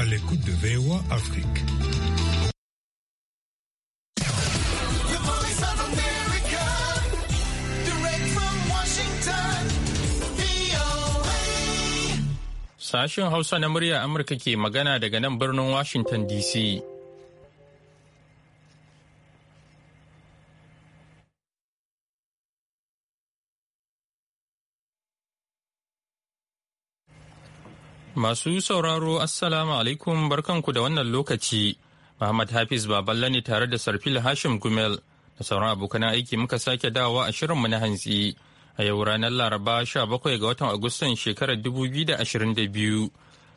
à l'écoute de VOA Afrique. Sashen Hausa na murya Amurka ke magana daga nan birnin Washington DC. Masu sauraro Assalamu alaikum barkanku da wannan lokaci. Muhammad Hafiz Baballe ne tare da Sarfil Hashim Gumel da sauran abokan aiki muka sake dawowa a shirinmu na hantsi a yau ranar Laraba 17 ga watan Agustan shekarar 2022.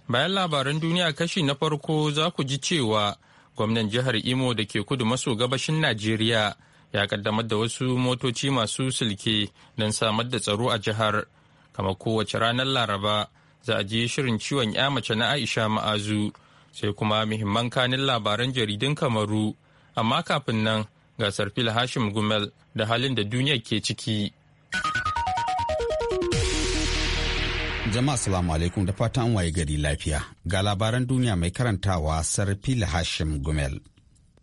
Bayan labaran duniya kashi na farko za ku ji cewa gwamnan jihar Imo da ke kudu maso gabashin Najeriya ya kaddamar da wasu motoci masu silke don samar da tsaro a jihar. Kamar kowace ranar Laraba. za a je shirin ciwon ya mace na Aisha Ma'azu sai kuma muhimman kanin labaran jaridun Kamaru amma kafin nan ga sarfil Hashim Gumel da halin da duniya ke ciki. Jama'a salamu alaikum da fatan waye gari lafiya ga labaran duniya mai karantawa Sarfil Hashim Gumel.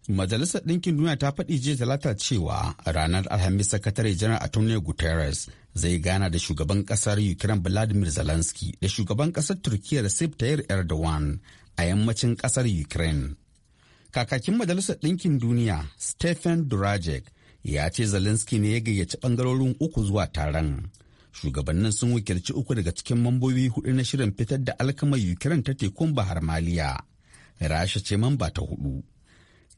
Majalisar Ɗinkin Duniya ta faɗi jiya talata cewa ranar Alhamis Sakatare Janar Antonio Guterres zai gana da shugaban kasar ukraine vladimir zelensky da shugaban kasar turkiyya recep tayyip erdogan a yammacin kasar ukraine kakakin majalisar ɗinkin duniya stephen durajek ya ce zelensky ne ya gayyaci bangarorin uku zuwa taron shugabannin sun wakilci uku daga cikin mambobi hudu na shirin fitar da alkamar ukraine ta tekun bahar maliya rasha ce mamba ta hudu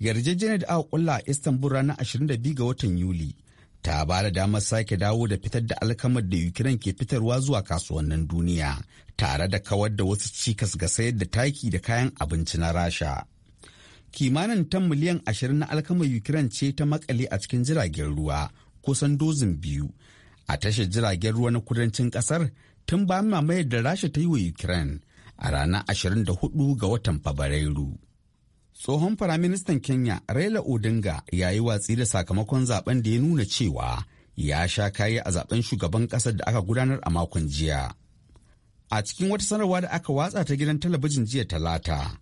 yarjejeniyar da aka kulla a istanbul ranar 22 ga watan yuli ta ba da damar sake dawo da fitar da alkamar da ukraine ke fitarwa zuwa kasuwannin duniya tare da kawar da wasu cikas ga sayar da taki da kayan abinci na rasha kimanin tan miliyan ashirin na alkamar ukraine ce ta makale a cikin jiragen ruwa kusan dozin biyu a tashar jiragen ruwa na kudancin kasar tun ba mamayar da rasha ta yi wa ukraine a ranar 24 ga watan fabrairu Tsohon Firaministan Kenya Raila Odinga ya yi watsi da sakamakon zaben da ya nuna cewa ya sha kayi a zaben shugaban ƙasar da aka gudanar a makon jiya. A cikin wata sanarwa da aka watsa ta gidan talabijin jiya talata,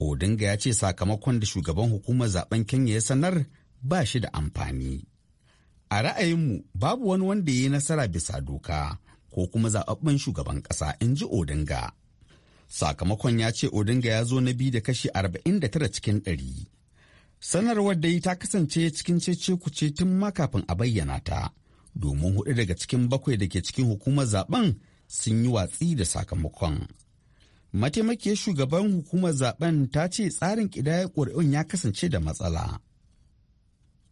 Odinga ya ce sakamakon da shugaban hukumar zaben Kenya ya sanar ba shi da amfani. A ra'ayinmu babu wani wanda ya yi nasara bisa doka ko kuma zaɓaɓɓen shugaban ƙasa in ji Odinga. Sakamakon ya ce Odinga ya zo na biyu da kashi 49 cikin 100. Sanarwar dai ta kasance cikin cece-kuce tun ma kafin a bayyana ta, domin hudu daga cikin bakwai da ke cikin hukumar zaben sun yi watsi da sakamakon. Mataimakiyar shugaban hukumar zaben ta ce tsarin kidayar ƙuri'un ya kasance da matsala.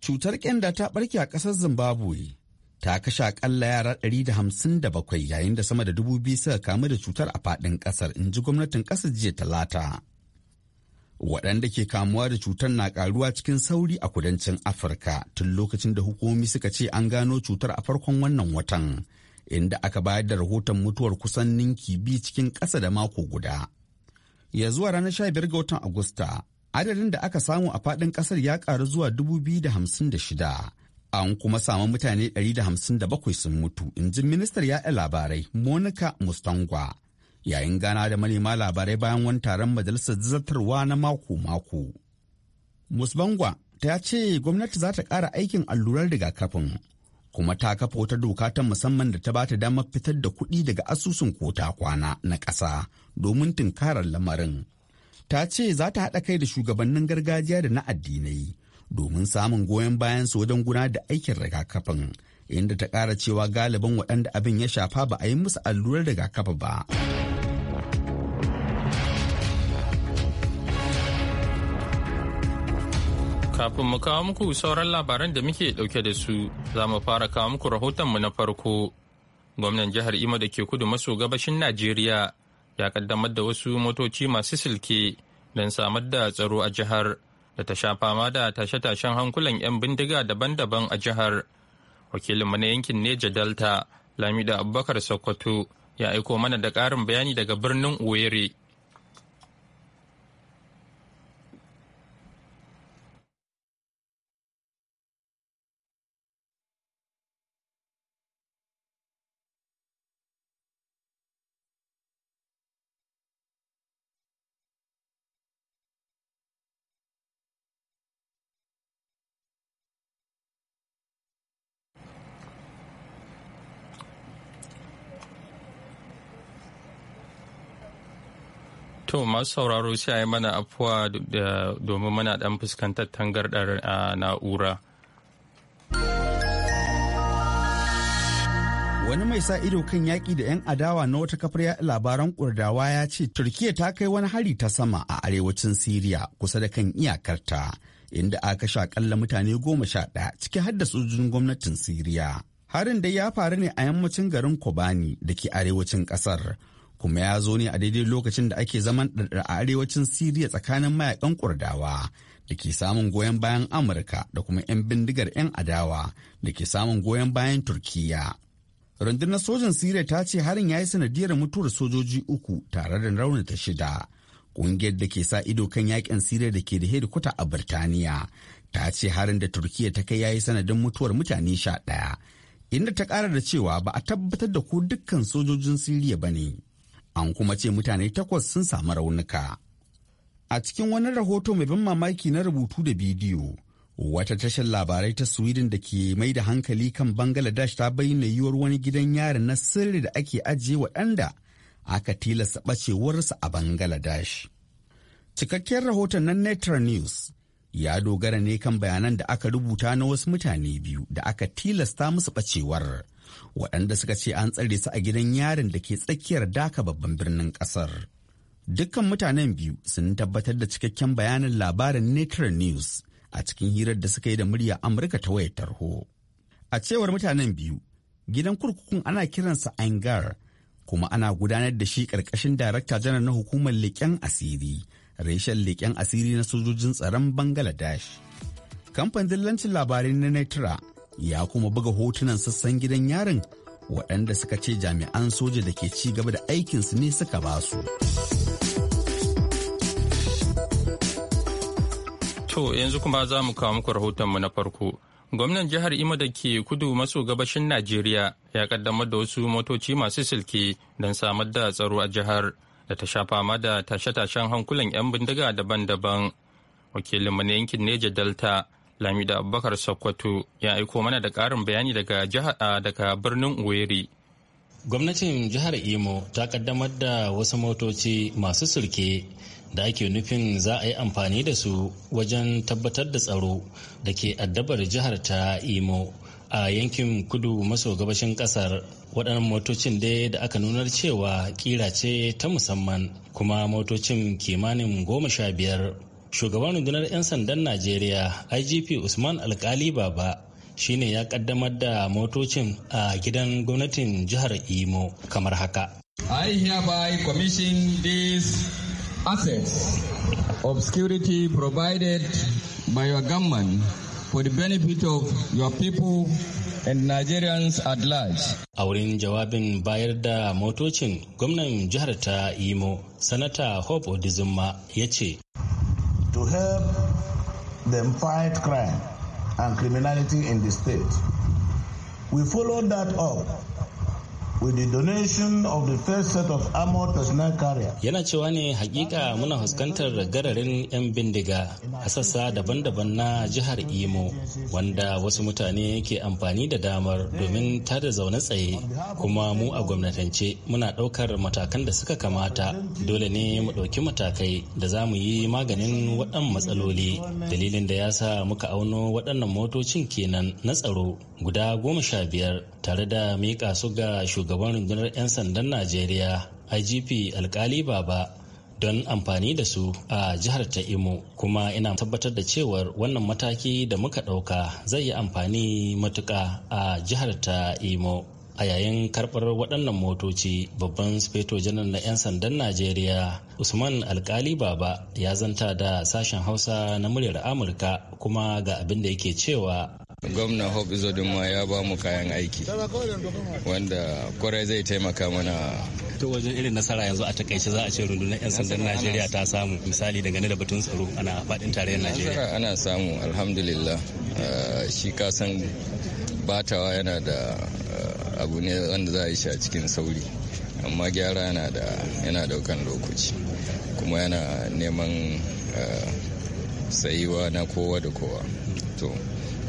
Cutar ƙyanda ta ɓarke a ƙasar Zimbabwe ta kashe akalla yara 157 yayin da sama da dubu biyu suka kamu da cutar a faɗin ƙasar in ji gwamnatin ƙasa jiya talata waɗanda ke kamuwa da cutar na ƙaruwa cikin sauri a kudancin afirka tun lokacin da hukumomi suka ce an gano cutar a farkon wannan watan inda aka bayar da rahoton mutuwar kusan ninki biyu cikin ƙasa da mako guda ya zuwa ranar 15 ga watan agusta adadin da aka samu a faɗin ƙasar ya ƙaru zuwa dubu biyu hamsin da shida. an kuma samu mutane 157 sun mutu in ji ministar yaɗa labarai monica mustangwa yayin gana da manema labarai bayan wani taron majalisar zartarwa na mako-mako musbangwa ta ce gwamnati za ta ƙara aikin allurar rigakafin kuma ta kafa wata doka ta musamman da ta ba ta damar fitar da kuɗi daga asusun kota kwana na ƙasa domin tunkarar lamarin ta ce za ta haɗa kai da shugabannin gargajiya da na addinai domin samun goyon bayan su wajen gudanar da aikin rigakafin inda ta kara cewa galibin waɗanda abin ya shafa ba a yi musu allurar rigakafi ba. Kafin mu kawo muku sauran labaran da muke ɗauke da su, za mu fara kawo muku rahotonmu na farko. Gwamnan jihar Imo da ke kudu maso gabashin Najeriya ya kaddamar da wasu motoci masu silke don samar da tsaro a jihar. da ta sha fama da tashe-tashen hankulan 'yan bindiga daban-daban a jihar wakilinmu na yankin neja delta lamida abubakar sokoto ya aiko mana da ƙarin bayani daga birnin owerri To masu sauraro sai mana afuwa domin mana dan fuskantar tangardar a na'ura. Wani mai sa ido kan yaki da 'yan adawa na wata kafar labaran kurdawa ya ce Turkiyya ta kai wani hari ta sama a arewacin Siriya kusa da kan iyakarta, inda aka kashe akalla mutane goma sha ɗaya ciki har da sojojin gwamnatin Siriya. Harin dai ya faru ne a yammacin garin Kobani da ke arewacin ƙasar. kuma ya zo ne a daidai lokacin da ake zaman a arewacin siriya tsakanin mayakan kurdawa da ke samun goyon bayan amurka da kuma 'yan bindigar 'yan adawa da ke samun goyon bayan turkiya rundunar sojan siriya ta ce harin ya yi sanadiyar mutuwar sojoji uku tare da ta shida ƙungiyar da ke sa ido kan yakin siriya da ke da hedikwata a birtaniya ta ce harin da turkiya ta kai ya yi sanadin mutuwar mutane sha ɗaya inda ta ƙara da cewa ba a tabbatar da ko dukkan sojojin siriya ba ne an kuma ce mutane takwas sun samu raunuka. A cikin wani rahoto mai ban mamaki na rubutu da bidiyo, wata tashar labarai ta Sweden da ke mai da hankali kan Bangladesh ta bayyana yiwuwar wani gidan yari na sirri da ake ajiye waɗanda aka tilasta ɓacewarsa a Bangladesh. Cikakken rahoton na Netra News ya dogara ne kan bayanan da aka rubuta na wasu mutane biyu da aka tilasta musu ɓacewar. waɗanda suka ce an tsare su a gidan yarin da ke tsakiyar daka babban birnin ƙasar. Dukkan mutanen biyu sun tabbatar da cikakken bayanin labarin Nature News a cikin hirar da suka yi da murya Amurka ta wayar tarho. A cewar mutanen biyu, gidan kurkukun ana kiransa Angar kuma ana gudanar da shi ƙarƙashin darakta janar na hukumar leƙen asiri, reshen leƙen asiri na sojojin tsaron Bangladesh. Kamfanin zillancin labarai na Natura ya kuma buga hotunan sassan gidan yarin waɗanda suka ce jami'an soja da ke ci gaba da aikinsu ne suka ba su. To yanzu kuma za mu kawo muku rahotonmu na farko. Gwamnan jihar Imo da ke kudu maso gabashin Najeriya ya kaddamar da wasu motoci masu silke don samar da tsaro a jihar da ta sha fama da tashe-tashen hankulan 'yan bindiga daban-daban. Wakilinmu na yankin Neja Delta Lamida Abubakar Sokoto ya aiko mana da ƙarin bayani daga daga birnin uweri Gwamnatin jihar Imo ta kaddamar da wasu motoci masu sulke da ake nufin za a yi amfani da su wajen tabbatar da tsaro da ke addabar jihar ta Imo a yankin kudu maso gabashin kasar waɗannan motocin dai da aka nunar cewa kira ce ta musamman kuma motocin kimanin goma sha biyar shugaban rundunar 'yan sandan najeriya igp usman alkali baba shine ya kaddamar da motocin a gidan gwamnatin jihar imo kamar haka i hereby commission these assets of security provided by your government for the benefit of your people and Nigerians at large. A wurin jawabin bayar da motocin gwamnan jihar ta Imo, Sanata Hope Odizumma ya ce, to help them fight crime and criminality in the state. We followed that up with the donation of the first set of armored personnel carrier. Yana cewa ne hakika muna fuskantar gararin 'yan bindiga a sassa daban-daban na jihar Imo wanda wasu mutane ke amfani da damar domin tada zaune tsaye kuma mu a gwamnatance muna ɗaukar matakan da suka kamata dole ne mu ɗauki matakai da za mu yi maganin waɗan matsaloli dalilin da ya sa muka auno waɗannan motocin kenan na tsaro guda goma sha biyar tare da mika su ga shugaban rundunar 'yan sandan najeriya igp alkali baba don amfani da su a jihar ta imo kuma ina tabbatar da cewar wannan mataki da muka ɗauka zai yi amfani matuka a jihar ta imo a yayin karɓar waɗannan motoci babban speto janar na 'yan sandan najeriya usman alkali baba ya zanta da sashen hausa na muryar amurka kuma ga abin da yake cewa gwamna hope izodin ma ya ba mu kayan aiki wanda kwarai zai taimaka mana to wajen irin nasara yanzu a takaice za a ce rundunar 'yan sandan najeriya ta samu misali daga da batun tsaro ana fadin tarayyar najeriya ana samu alhamdulillah uh, shi kasan batawa yana da uh, abu ne wanda za a yi shi a cikin sauri amma gyara yana da yana daukan lokaci kuma yana neman uh, sayiwa na kowa da kowa to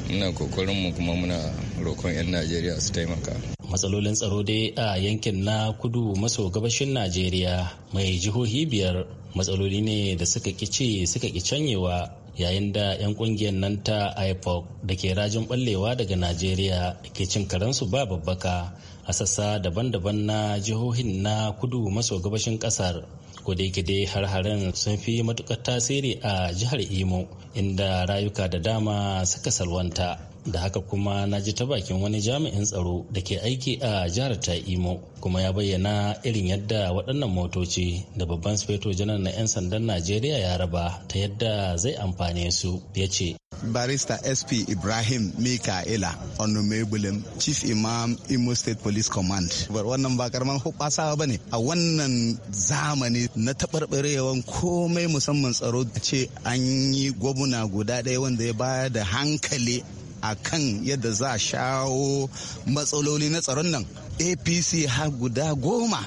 muna kokarin mu kuma muna roƙon 'yan najeriya su taimaka matsalolin tsaro dai a yankin na kudu maso gabashin najeriya mai jihohi biyar matsaloli ne da suka kici suka ki canyewa yayin da 'yan kungiyar nan ta ipoc da ke rajin ballewa daga najeriya ke cin karensu ba babbaka a sassa daban-daban na jihohin na kudu maso gabashin kasar kodayake dai har-haren sun fi matukar tasiri a jihar imo inda rayuka da dama suka salwanta da haka kuma na ji ta bakin wani jami'in tsaro da ke aiki a jihar ta imo kuma ya bayyana irin yadda waɗannan motoci da babban sufeto janar na 'yan sandan najeriya ya raba ta yadda zai amfane su ya ce barista sp ibrahim mikaela onumebulem chief imam imo state police command wannan ba karaman hoɓasawa ba ne a wannan zamani na taɓarɓarewan komai musamman tsaro ce an yi gwamna guda ɗaya wanda ya bayar da hankali a kan yadda za a shawo matsaloli na tsaron nan apc har guda goma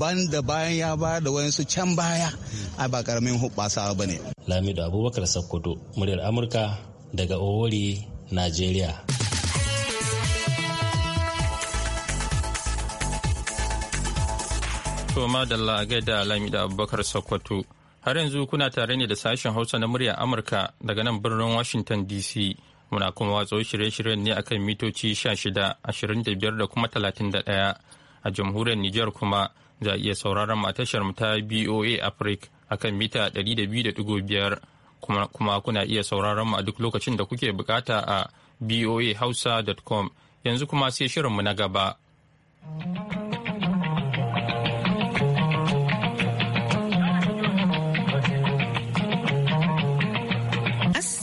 banda bayan ya ba da wayansu can baya a ba karamin hubbasa ba ne lamido abubakar sakkwato muryar amurka daga owori nigeria To madalla a gaida Lamida Abubakar Sokoto. Har yanzu kuna tare ne da sashen Hausa na muryar Amurka daga nan birnin Washington DC Muna kuma watso shirye-shiryen ne akan mitoci 16, 25 da kuma 31. A jamhuriyar Nijar kuma za a iya sauraron tashar mu ta BOA Africa akan mita 200.5 kuma, kuma kuna iya sauraron mu a duk lokacin da kuke bukata a boahausa.com yanzu kuma sai shirinmu na gaba.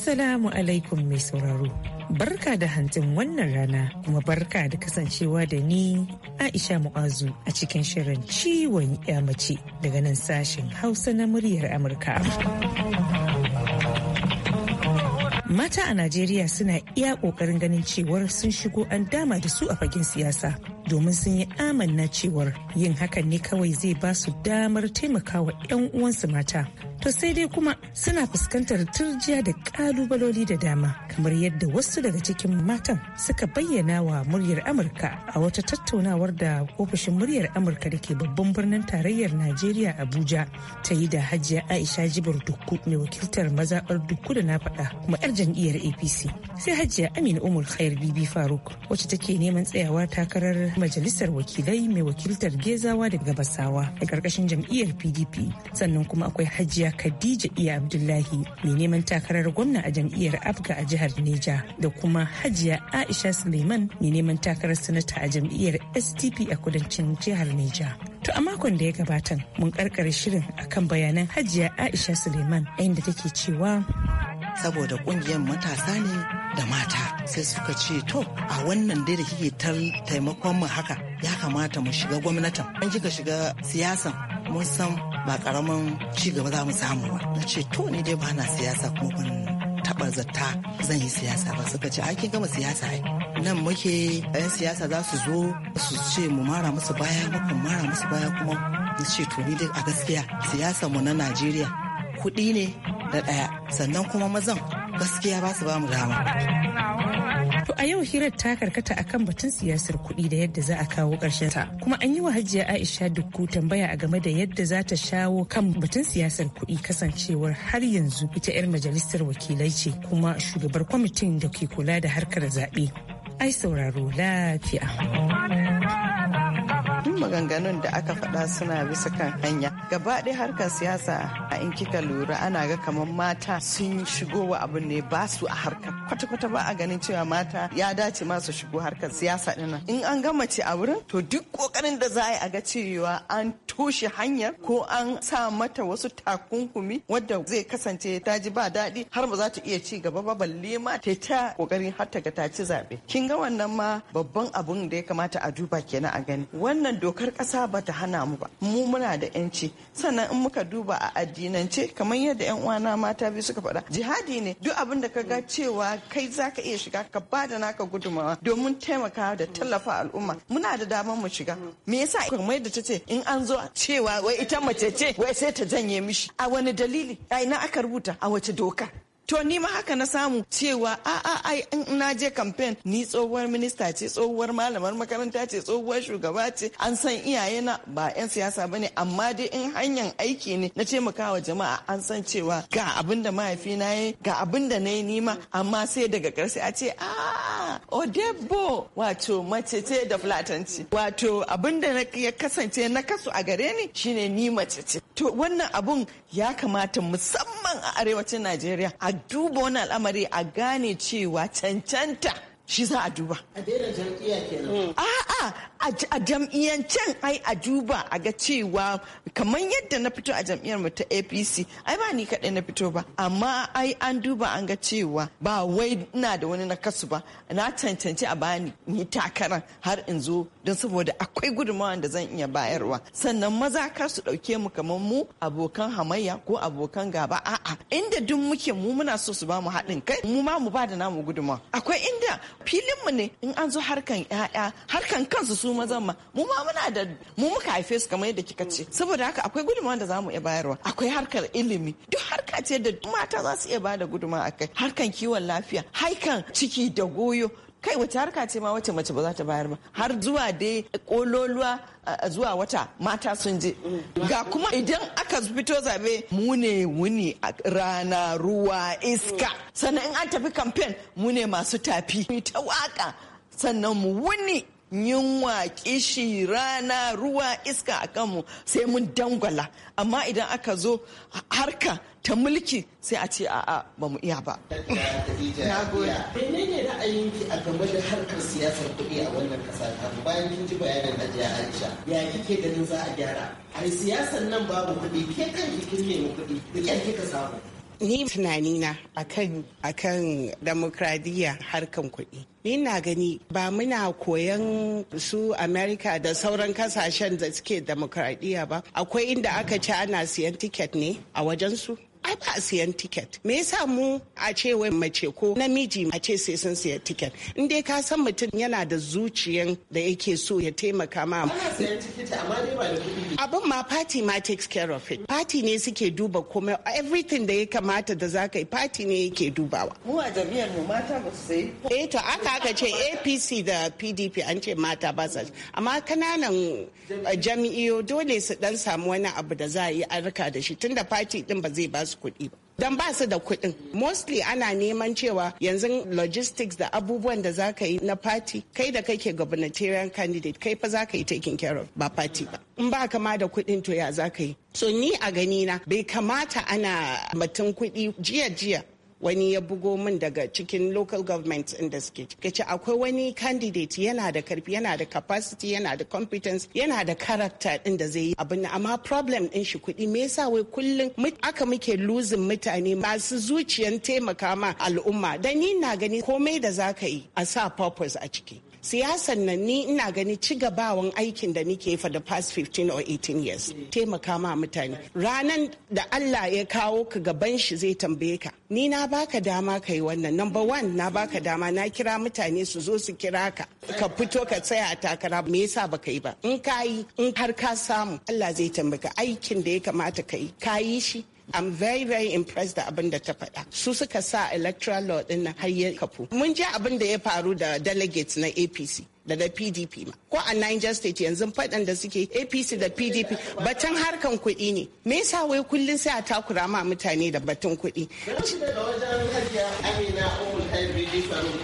Assalamu alaikum mai sauraro. Barka da hantin wannan rana kuma barka da kasancewa da ni Aisha Mu'azu a cikin shirin ciwon mace daga nan sashen Hausa na muryar Amurka. Mata a Najeriya suna iya ƙoƙarin ganin cewar sun shigo an dama da su a fagen siyasa domin sun yi amanna cewar yin hakan ne kawai zai ba su damar taimakawa 'yan uwansu mata to sai dai kuma suna fuskantar turjiya da kalubaloli da dama kamar yadda wasu daga cikin matan suka bayyana wa muryar amurka a wata tattaunawar da ofishin muryar amurka da ke babban birnin tarayyar najeriya abuja ta yi da hajiya aisha jibar dukku mai wakiltar mazaɓar dukku da na faɗa kuma yar jam'iyyar apc sai hajiya amina umar khair bibi faruk wacce take neman tsayawa takarar majalisar wakilai mai wakiltar gezawa da gabasawa a ƙarƙashin jam'iyyar pdp sannan kuma akwai hajiya hajiya khadija iya abdullahi mai neman takarar gwamna a jam'iyyar abga a jihar neja da kuma hajiya aisha suleiman mai neman takarar sanata a jam'iyyar stp a kudancin jihar neja To a makon da ya gabatan mun karkare shirin akan bayanan hajiya Aisha Suleiman inda take cewa saboda kungiyar matasa ne da mata sai suka ce to a wannan dai da kike taimakon mu haka ya kamata mu shiga gwamnatin an kika shiga siyasan mun san ba karamin ci gaba za mu samu ba na ce to ne dai ba na siyasa kuma ban taba zata zan yi siyasa ba suka ce kin gama siyasa ai nan muke yan siyasa za su zo su ce mu mara musu baya mu mara musu baya kuma na ce to ni dai a gaskiya siyasa mu na Najeriya kuɗi ne da ɗaya sannan kuma mazan gaskiya ba su ba mu dama. a yau hirar ta karkata akan batun siyasar kuɗi da yadda za a kawo ƙarshen ta. Kuma an yi wa Hajiya Aisha Dukku tambaya a game da yadda za ta shawo kan batun siyasar kuɗi kasancewar har yanzu ita 'yar majalisar wakilai ce kuma shugabar kwamitin da ke kula da harkar zaɓe. Ai sauraro lafiya. maganganun da aka faɗa suna bisa kan hanya gaba ɗaya harkar siyasa a in kika lura ana ga kamar mata sun shigo wa abu ne ba su a harkar kwata-kwata ba a ganin cewa mata ya dace ma su shigo harkar siyasa ɗin in an gama ce a wurin to duk ƙoƙarin da za a yi a ga cewa an toshe hanyar ko an sa mata wasu takunkumi wadda zai kasance ta ji ba daɗi har ba za ta iya ci gaba ba balle ma ta ta ƙoƙarin har ta ga ta ci zaɓe kin ga wannan ma babban abun da ya kamata a duba kenan a gani wannan dokar ƙasa ba ta hana mu ba mu muna da yanci sannan in muka duba a addinance kamar yadda yan uwana mata biyu suka faɗa jihadi ne duk abin da ka ga cewa kai zaka iya shiga ka ba da naka gudumawa domin taimaka da tallafa al'umma muna da damar mu shiga me yasa kamar yadda ta ce in an zo cewa wai ita mace ce wai sai ta janye mishi a wani dalili a ina aka rubuta a wace doka to ni ma haka na samu cewa a a ai in na je campaign ni tsohuwar minista ce tsohuwar malamar makaranta ce tsohuwar shugaba ce an san iyaye na ba 'yan siyasa bane amma dai in hanyar aiki ne na taimakawa jama'a an san cewa ga abin da na yi ga abin da na yi nima amma sai daga karshe a ce a odebo wato mace ce da fulatanci wato abin da ya kasance na kasu a gare ni shine ni mace ce to wannan abun ya kamata musamman a arewacin najeriya a duba wani al'amari a gane cewa cancanta shi za a duba. A daina jam'iyya kenan. Mm. A'a a jam'iyyancen ai a duba a ga cewa kamar yadda na fito a jam'iyyar mu ta APC ai ba ni kaɗai na fito ba amma ai an duba an ga cewa ba wai ina da wani nakasu ba na cancanci a bani ni takaran har in zo don saboda akwai gudunmawa da zan iya bayarwa sannan maza kar su ɗauke mu kamar mu abokan hamayya ko abokan gaba a'a inda duk muke mu muna so su ba mu haɗin kai mu ma mu ba da namu gudunmawa akwai inda mu ne in an zo harkan ya'ya harkan kansu su mazan ma mu ma muna da mu muka haife su kamar yadda kika ce saboda haka akwai gudunmawa da zamu iya bayarwa akwai harkar ilimi duk harka ce da mata za su iya bada gudunmawa akai harkan kiwon lafiya haikan ciki da goyo kai wace harka ce ma wace mace ba za ta bayar ba har zuwa dai kololuwa zuwa wata mata sun je ga kuma idan aka fito zabe mu wuni rana ruwa iska sannan in an tafi kamfen mune masu tafi ta waka sannan mu wuni yunwa kishi rana ruwa iska a kanmu sai mun dangwala amma idan aka zo harka ta mulki sai a ce a'a ba mu iya ba. Na gode. Menene ra'ayinki a game da harkar siyasar kuɗi a wannan ƙasa ta bayan kin ji bayanin Hajiya Aisha ya kike ganin za a gyara? A siyasar nan babu kuɗi ke kanki kin nemi kuɗi da kyan kika samu. Ni tunani tunanina akan akan demokradiyya harkan kuɗi. Ni na gani ba muna koyan su Amerika da sauran kasashen da suke demokradiyya ba. Akwai inda aka ce ana siyan tiket ne a wajensu. ai ba a siyan tiket me yasa mu a ce wai mace ko namiji a ce sai sun siya tiket in dai ka san mutum yana da zuciyan da yake so ya taimaka ma abin ma party ma takes care of it party ne suke duba komai everything da ya kamata da za ka yi party ne yake dubawa mu a jami'ar mu mata ba su sai eh to aka aka ce APC da PDP an ce mata ba su amma kananan eh, jami'o dole su dan samu wani abu da za a yi arka dashi da shi tunda party din ba zai ba su kuɗi ba don ba su da kuɗin mostly ana neman cewa yanzu logistics da abubuwan da za ka yi na party kai da kake gubernatorial candidate kai fa za ka yi taking care of ba party ba in ba ma da kuɗin to ya za ka yi so ni a gani na bai kamata ana mutum kuɗi jiya jiya wani ya bugo min daga cikin local government da suke ka ce akwai wani candidate yana da karfi yana da capacity yana da competence yana da character din da zai yi abin amma problem din shi kuɗi me yasa wai kullum aka muke losing mutane masu zuciyan taimaka ma al'umma da ni na gani komai da zaka yi a sa purpose a ciki siyasan nan ni ina gani ci gabawan aikin da nike for the past 15 or 18 years mm. taimaka ma mutane ranan da Allah ya kawo ka gaban shi zai tambaye ka ni na baka dama ka yi wannan number one na baka dama na kira mutane su zo su kira ka ka fito ka tsaya a takara me yasa ka yi ba in ka yi in har ka samu Allah zai tambaye ka aikin da ya kamata ka yi ka yi shi I'm very very impressed da abin da ta faɗa. Su suka sa electoral law din na har ya kafu. Mun ji abin da ya faru da delegates na APC. da da PDP ma. Ko a Niger State yanzu faɗan da suke APC da PDP batun harkan kuɗi ne. Me yasa wai kullun sai a takura ma mutane da batun kuɗi.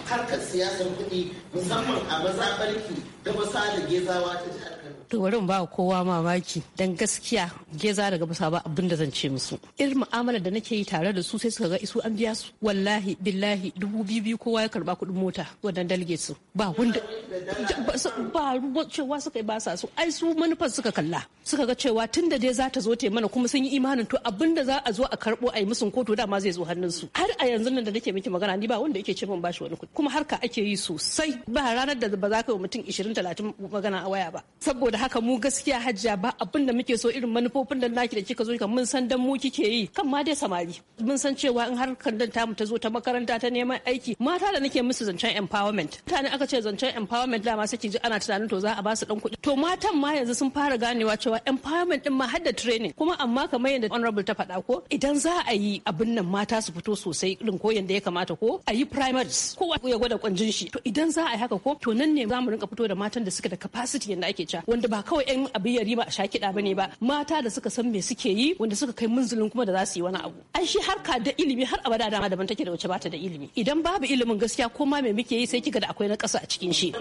harkar siyasar kuɗi musamman a mazaɓarki da ta jihar to bari ba kowa mamaki dan gaskiya geza daga basa ba abin da zan ce musu irin mu'amalar da nake yi tare da su sai suka ga isu an biya su wallahi billahi dubu biyu biyu kowa ya karba kuɗin mota wannan dalge su ba wanda ba ruwa cewa suka yi ba sa su ai su manufar suka kalla suka ga cewa tun da dai za ta zo ta mana kuma sun yi imanin to abin da za a zo a karbo a yi ko to dama zai zo hannun su har a yanzu nan da nake miki magana ni ba wanda yake ce min bashi wani kuɗi kuma harka ake yi sosai ba ranar da ba za ka yi mutum 20 30 magana a waya ba saboda haka mu gaskiya hajjia ba abin da muke so irin manufofin da naki da kika zo kan mun san dan mu kike yi kan ma dai samari mun san cewa in har kandan tamu ta zo ta makaranta ta neman aiki mata da nake musu zancen empowerment mutane aka ce zancen empowerment dama sai ki ji ana tunanin to za a ba su dan kuɗi to matan ma yanzu sun fara ganewa cewa empowerment din ma har da training kuma amma kamar yadda honorable ta faɗa ko idan za a yi abin nan mata su fito sosai irin ko yadda ya kamata ko a yi primaries kowa ya gwada kwanjin shi to idan za a yi haka ko to nan ne za mu rinka fito da matan da suka da capacity yadda ake cewa wanda ba kawai yan abin yarima a sha kiɗa ne ba mata da suka san me suke yi wanda suka kai munzulin kuma da za su yi wani abu an shi harka da ilimi har abada dama daban take da wace bata da ilimi idan babu ilimin gaskiya ko ma me muke yi sai kika da akwai na ƙasa a cikin shi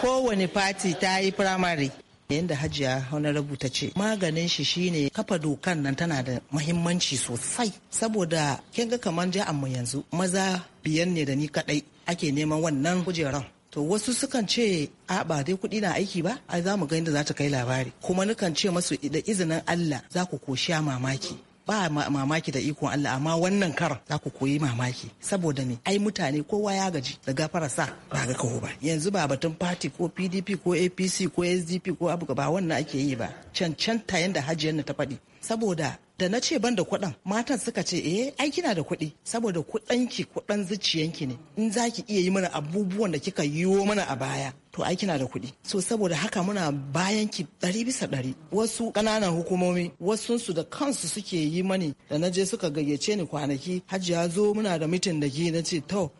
kowane fati ta yi firamare yadda hajiya honorable ta ce maganin shi shine kafa dokan nan tana da mahimmanci sosai saboda kin ga kamar ja mu yanzu maza biyan ne da ni kadai ake neman wannan kujeran to wasu sukan ce a ba dai kuɗi na aiki ba ai za mu ga inda za ta kai labari kuma nukan ce masu da izinin Allah za ku koshiya mamaki ba mamaki da ikon Allah amma wannan kar za ku koyi mamaki saboda me ai mutane kowa ya gaji da gafara sa ba ga kawo ba yanzu ba batun party ko PDP ko APC ko SDP ko abu ba wannan ake yi ba cancanta yanda hajiyar ta faɗi saboda da na ce ban da kuɗin matan suka ce eh ai kina da kuɗi saboda kuɗanki kuɗan zuciyanki ne in za ki iya yi mana abubuwan da kika yiwo mana a baya to ai kina da kuɗi so saboda haka muna bayan ki ɗari bisa ɗari wasu ƙananan hukumomi wasu su da kansu suke yi mani da na je suka gayyace ni kwanaki hajiya zo muna da mitin da ki na ce to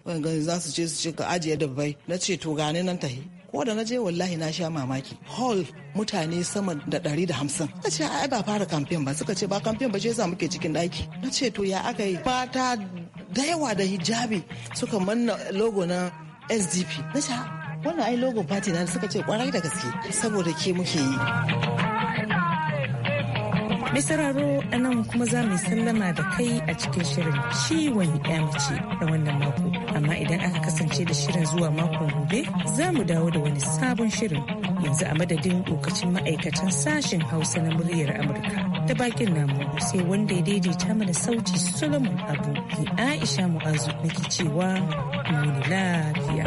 za su ce su ce ka ajiye dabbai na ce to gane nan tahi ko da na je wallahi na sha mamaki hall mutane sama da ɗari da hamsin na ce ai ba fara kamfen ba suka ce ba kamfen ba ce yasa muke cikin ɗaki na ce to ya aka yi fata da yawa da hijabi suka manna logo na sdp na ce wannan ai logo party na suka ce kwarai da gaske saboda ke muke yi Mai sauraro a nan kuma za mu sallama da kai a cikin shirin ciwon mace da wannan mako. Amma idan aka kasance da shirin zuwa makon gobe za mu dawo da wani sabon shirin yanzu a madadin lokacin ma'aikatan sashen Hausa na muryar Amurka. Da bakin namu sai wanda ya daidaita mana sauti Solomon Abu. Aisha Mu'azu nake cewa mu lafiya.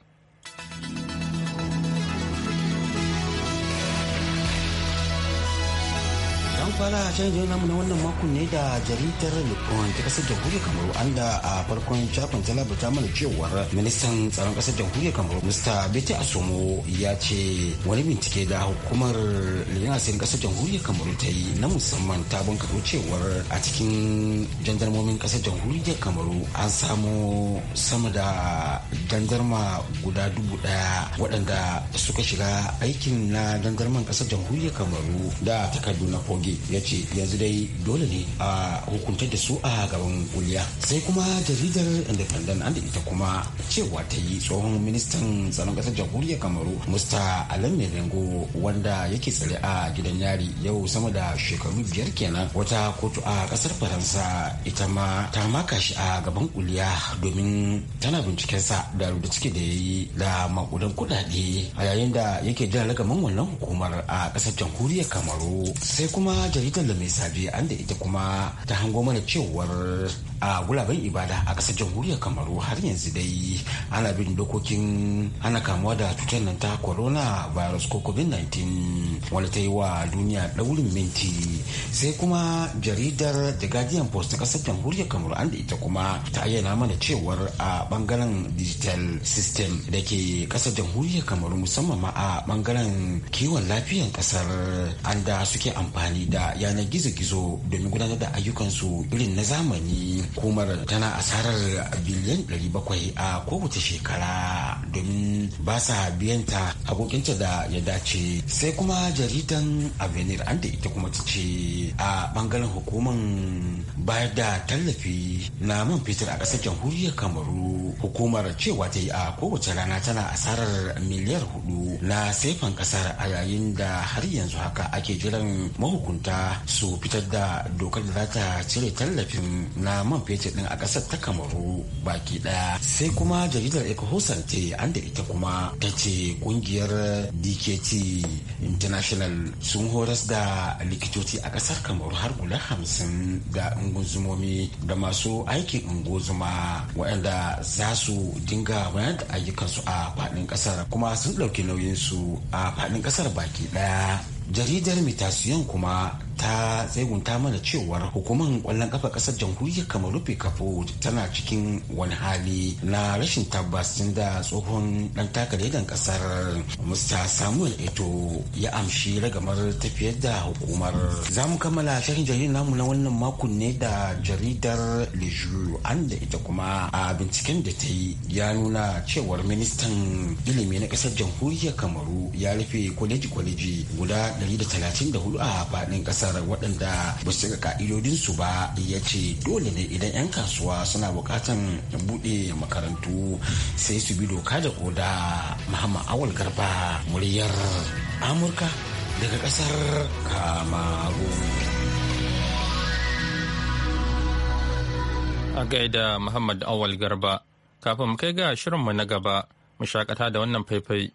mu fara shirin namu na wannan makon ne da jaridar Le ta kasar jamhuriyar Kamaru an da a farkon shafin ta labarta mana cewar ministan tsaron kasar jamhuriyar Kamaru Mr. Bete Asomo ya ce wani bincike da hukumar Lina Sin kasar jamhuriyar Kamaru ta yi na musamman ta bunkaro cewar a cikin jandarmomin kasar jamhuriyar Kamaru an samu sama da jandarma guda dubu daya waɗanda suka shiga aikin na jandarman kasar jamhuriyar Kamaru da takardu na foge ya ce yanzu dai dole ne a hukuntar da su a gaban kuliya sai kuma jaridar independent an da ita kuma cewa ta yi tsohon ministan tsaron kasar jamhuriyar kamaru musta alan melengo wanda yake tsare a gidan yari yau sama da shekaru biyar kenan wata kotu a kasar faransa ita ma ta maka shi a gaban kuliya domin tana bincikensa da da ciki da ya yi da makudan kudade a yayin da yake jan ragaman wannan hukumar a kasar jamhuriyar kamaru sai kuma jaridar da mai sabi an da ita kuma ta hango mana cewar a gulaben ibada a kasar jamhuriyar kamaru har yanzu dai ana bin dokokin ana kamuwa da cutar nan ta corona virus ko covid-19 wanda ta yi wa duniya daurin minti sai kuma jaridar the guardian post ta kasar jamhuriyar kamaru an da ita kuma ta ayyana mana cewar a bangaren digital system da ke ƙasar jamhuriyar kamaru musamman ma a bangaren kiwon lafiyar kasar an da suke amfani da yanar gizo-gizo domin gudanar da ayyukansu irin na zamani kuma tana asarar biliyan 700 a kowace shekara domin ba sa biyanta abokinta da ya dace sai kuma jaridan avenir an da ita kuma ta ce a bangaren hukumar bayar da tallafi na man fetur a ƙasar jamhuriyar kamaru hukumar cewa ta yi a kowace rana tana asarar miliyar hudu na saifan ƙasar a yayin da har yanzu haka ake jiran mahukunta hukunta su fitar da dokar da za ta cire tallafin na man fetur din a ƙasar ta kamaru baki ɗaya sai kuma jaridar ecohosan ce an da ita kuma ta ce ƙungiyar dkt international sun horas da likitoci a ƙasar kamaru har guda hamsin da unguzumomi da masu aikin unguzuma waɗanda za su dinga bayan da ayyukansu a faɗin ƙasar kuma sun ɗauki nauyinsu a faɗin ƙasar baki ɗaya jaridar mitasiyon kuma ta tsegunta mana cewar hukumar kwallon kafa kasar jamhuriyar kamaru kafo tana cikin wani hali na rashin tabbas da tsohon dan takaradan kasar mr samuel eto ya amshi ragamar tafiyar da hukumar za mu kammala shirin jaridar namu na wannan makon ne da jaridar lejour an da ita kuma a binciken da ta yi ya nuna cewar ministan ilimi na kasar jamhuriyar kamaru ya rufe kwaleji-kwaleji guda 134 a faɗin kasar kasar waɗanda ba su ka'idodinsu ba ya ce dole ne idan 'yan kasuwa suna buƙatan buɗe makarantu sai su bi doka da koda muhammad awal garba muryar amurka daga ƙasar kamaru a gaida muhammad awal garba kafin mu kai ga shirinmu na gaba mu shakata da wannan faifai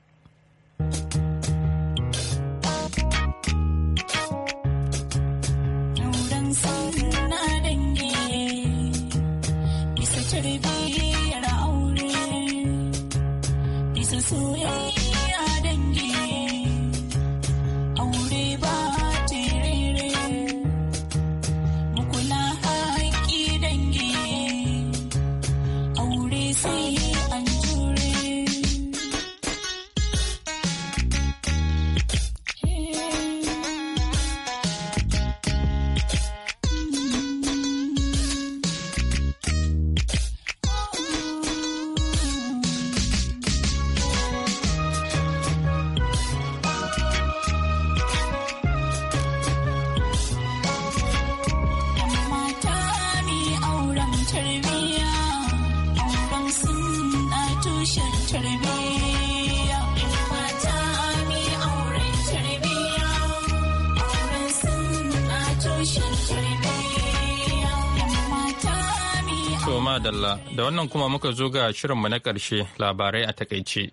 Da wannan kuma muka zo ga shirinmu na ƙarshe labarai a takaice.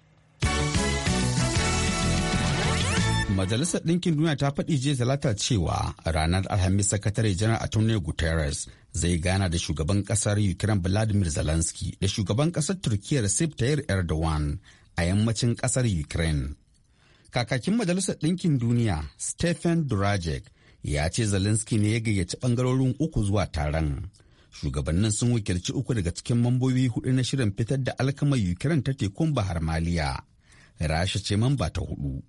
Majalisar Ɗinkin Duniya ta faɗi jiya talata cewa ranar Alhamis Sakatare Janar Antonio Guterres zai gana da shugaban ƙasar Ukraine Vladimir Zelensky da shugaban ƙasar Turkiyya Recep Tayyip Erdogan a yammacin ƙasar Ukraine. Kakakin Majalisar Ɗinkin Duniya Stephen Durajek ya ce Zelensky ne ya gayyaci ɓangarorin uku zuwa taron. shugabannin sun wakilci uku daga cikin mambobi hudu na shirin fitar da alkamar ukraine ta tekun bahar maliya rasha ce mamba ta hudu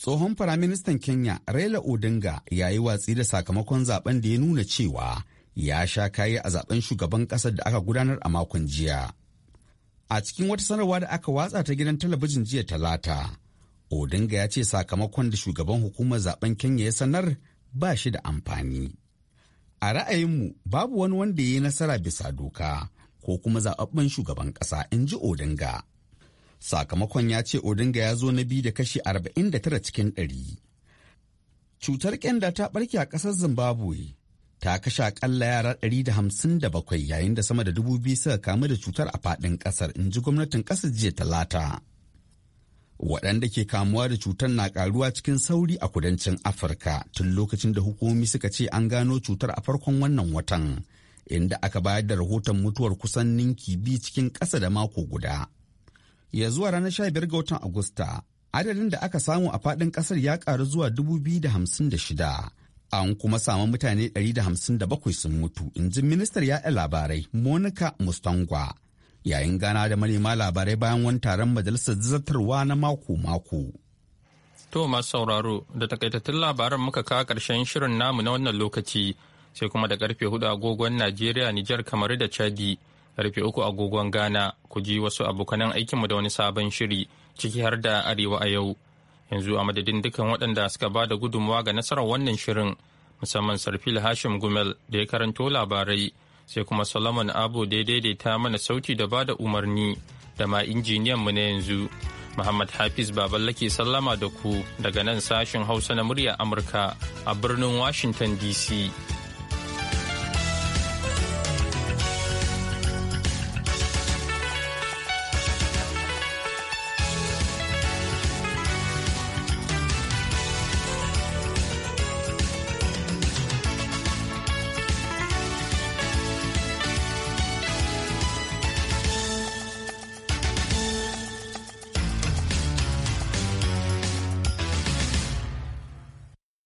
tsohon firaministan kenya raila odinga ya yi watsi da sakamakon zaben da ya nuna cewa ya sha kayi a zaben shugaban kasar da aka gudanar a makon jiya a cikin wata sanarwa da aka watsa ta gidan talabijin jiya talata odinga ya ce sakamakon da shugaban hukumar zaben kenya ya sanar ba shi da amfani a ra'ayinmu babu wani wanda ya yi nasara bisa doka ko kuma zaɓaɓɓen shugaban ƙasa in ji odinga sakamakon ya ce odinga ya zo na biyu da kashi 49 cikin ɗari. cutar kyanda ta ɓarke a ƙasar zimbabwe ta kashe akalla yara ɗari da da hamsin bakwai yayin da sama da dubu biyu suka kamu da cutar a faɗin ƙasar in ji gwamnatin ƙasar jiya talata waɗanda ke kamuwa da cutar na ƙaruwa cikin sauri a kudancin afirka tun lokacin da hukumomi suka ce an gano cutar a farkon wannan watan inda aka bayar da rahoton mutuwar kusan ninki bi cikin ƙasa da mako guda ya zuwa ranar biyar ga watan agusta adadin da aka samu a faɗin ƙasar ya ƙaru zuwa da shida. an kuma samu mutane bakwai sun mutu in ji ministar yaɗa labarai monica mustangwa yayin gana da manema labarai bayan wani taron majalisar zartarwa na mako-mako. To masu sauraro da takaitattun labaran muka kawo ƙarshen shirin namu na wannan lokaci sai kuma da karfe hudu agogon Najeriya, Nijar, kamar da Chadi, karfe uku agogon Ghana ku ji wasu abokanan aikinmu da wani sabon shiri ciki har da Arewa a yau. Yanzu a madadin dukan waɗanda suka ba da gudunmawa ga nasarar wannan shirin musamman Sarfil Hashim Gumel da ya karanto labarai. sai kuma solomon abu da ta mana sauti da bada umarni da ma injiniyan mu na yanzu muhammad hafiz baballake sallama da ku daga nan sashen hausa na murya amurka a birnin washington dc